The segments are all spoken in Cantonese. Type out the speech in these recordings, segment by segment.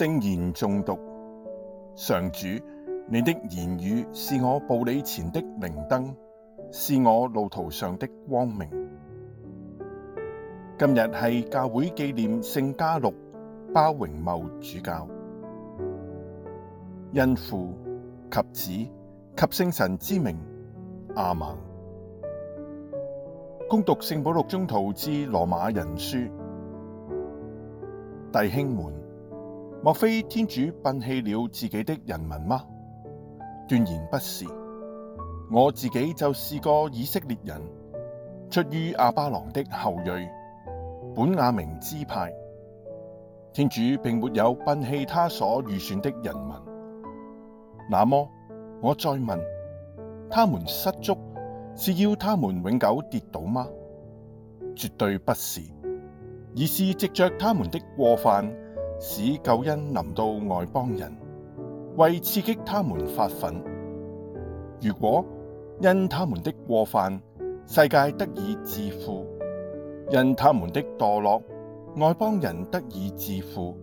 聖言誦讀，上主，你的言語是我步你前的明燈，是我路途上的光明。今日係教會紀念聖嘉祿，鮑榮茂主教，因父及子及聖神之名，阿們。恭讀聖保祿宗徒致羅馬人書，弟兄們。莫非天主擯棄了自己的人民嗎？斷然不是。我自己就是個以色列人，出於亞巴郎的後裔，本雅明支派。天主並沒有擯棄他所預選的人民。那麼我再問：他們失足，是要他們永久跌倒嗎？絕對不是，而是藉着他們的過犯。使救恩臨到外邦人，為刺激他們發憤。如果因他們的過犯，世界得以致富；因他們的墮落，外邦人得以致富。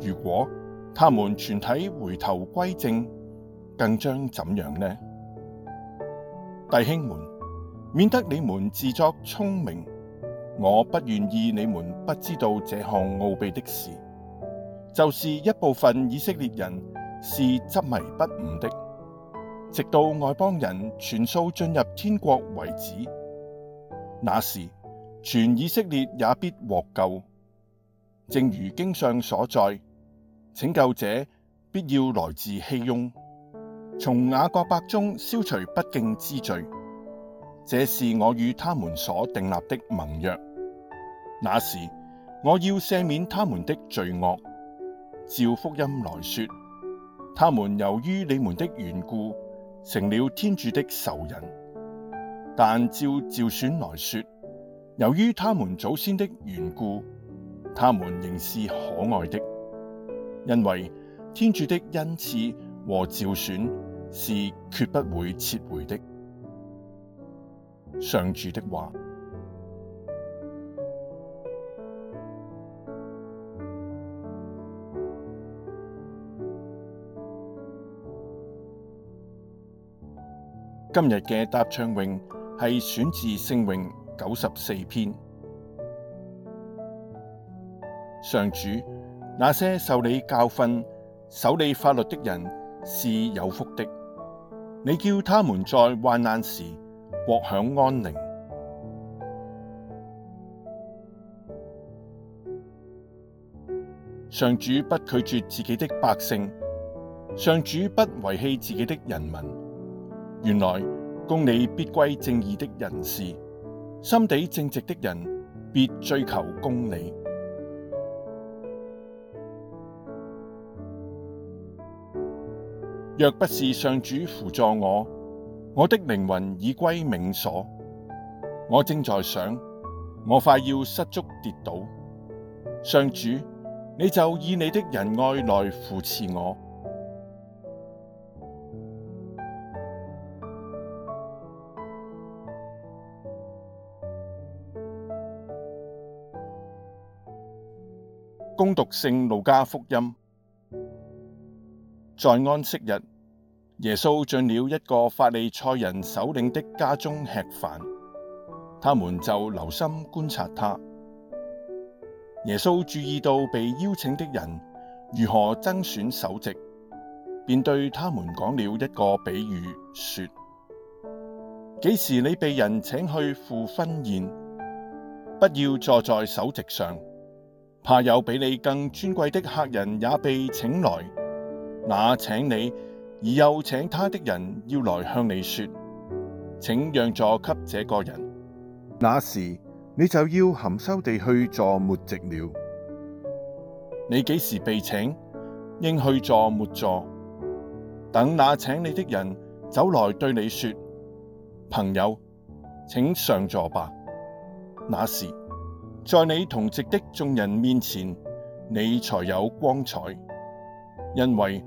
如果他們全體回頭歸正，更將怎樣呢？弟兄們，免得你們自作聰明，我不願意你們不知道這項奧秘的事。就是一部分以色列人是執迷不悟的，直到外邦人全數進入天國為止。那時全以色列也必獲救，正如經上所載，拯救者必要來自熙雍，從雅各伯中消除不敬之罪。這是我與他們所訂立的盟約。那時我要赦免他們的罪惡。照福音來說，他們由於你們的緣故，成了天主的仇人；但照召選來說，由於他們祖先的緣故，他們仍是可愛的，因為天主的恩賜和召選是決不會撤回的。上主的話。今日嘅答唱詠係選自聖詠九十四篇。上主，那些受你教訓、守你法律的人是有福的。你叫他們在患難時獲享安寧。上主不拒絕自己的百姓，上主不遺棄自己的人民。原來公理必歸正義的人士，心地正直的人必追求公理。若不是上主扶助我，我的靈魂已歸冥所。我正在想，我快要失足跌倒。上主，你就以你的仁愛來扶持我。讀聖路加福音，在安息日，耶穌進了一個法利塞人首領的家中吃飯，他們就留心觀察他。耶穌注意到被邀請的人，如何爭選首席，便對他們講了一個比喻，說：幾時你被人請去赴婚筵，不要坐在首席上。怕有比你更尊貴的客人也被請來，那請你而又請他的人要來向你說，請讓座給這個人。那時你就要含羞地去坐末席了。你幾時被請，應去坐末座。等那請你的人走來對你說，朋友，請上座吧。那時。在你同席的眾人面前，你才有光彩。因為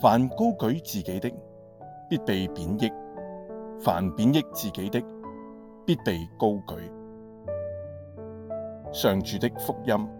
凡高舉自己的，必被貶抑；凡貶抑自己的，必被高舉。上主的福音。